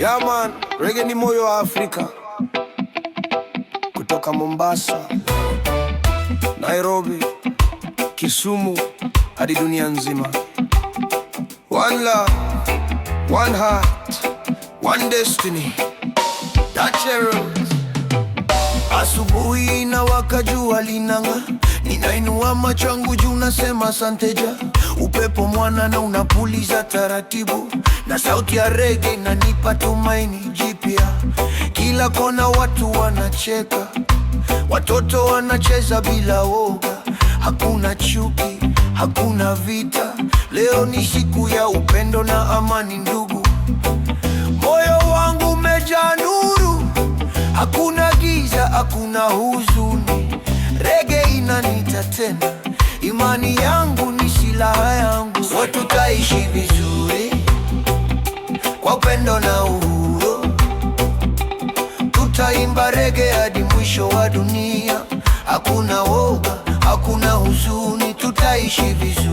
Yeah man, reggae ni moyo wa Afrika. Kutoka Mombasa, Nairobi, Kisumu hadi dunia nzima. One love, one heart, one destiny. Asubuhi na wakajua linanga Ninainua macho yangu juu, nasema asante ja. Upepo mwana na unapuliza taratibu, na sauti ya rege inanipa tumaini jipya. Kila kona watu wanacheka, watoto wanacheza bila woga. Hakuna chuki, hakuna vita. Leo ni siku ya upendo na amani, ndugu. Moyo wangu umejaa nuru, hakuna giza, hakuna huzuni kufanya tena. Imani yangu ni silaha yangu, watu taishi vizuri kwa upendo na uhuru, tutaimba rege hadi mwisho wa dunia. Hakuna woga, hakuna huzuni, tutaishi vizuri.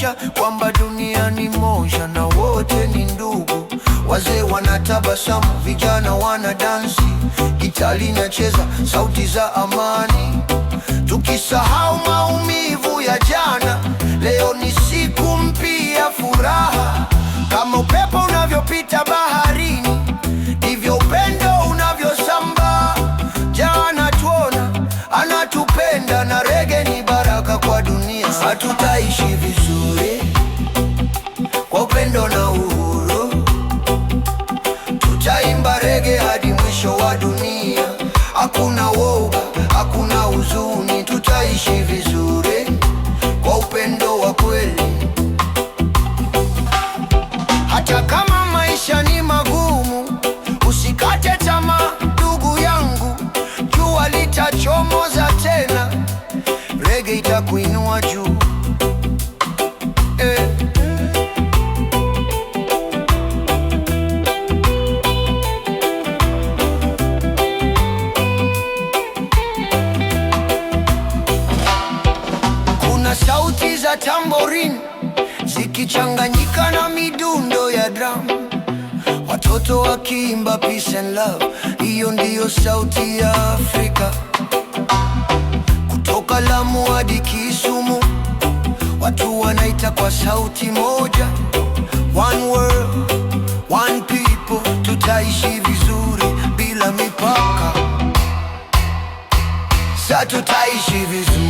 kuhakikisha kwamba dunia ni moja na wote ni ndugu. Wazee wanatabasamu, vijana wana dansi, gitari inacheza sauti za amani, tukisahau maumivu ya jana. Leo ni siku tamborin zikichanganyika na midundo ya drum, watoto wakiimba peace and love. Hiyo ndiyo sauti ya Afrika, kutoka Lamu hadi Kisumu, watu wanaita kwa sauti moja, one world, one people. Tutaishi vizuri bila mipaka, sa tutaishi vizuri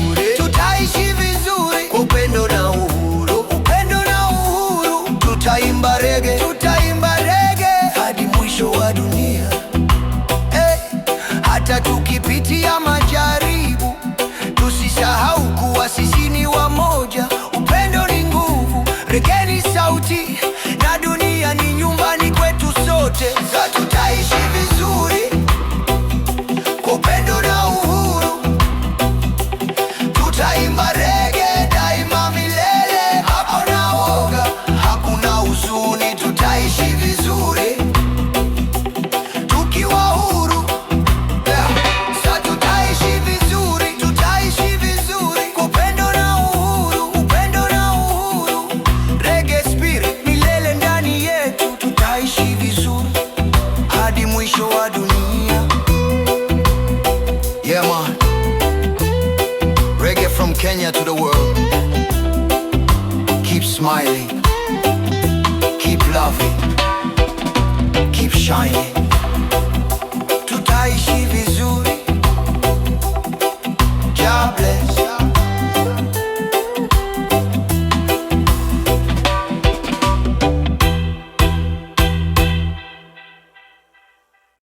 wekeni sauti, na dunia ni nyumbani kwetu sote. Kenya to the world. Keep smiling, keep loving, keep shining.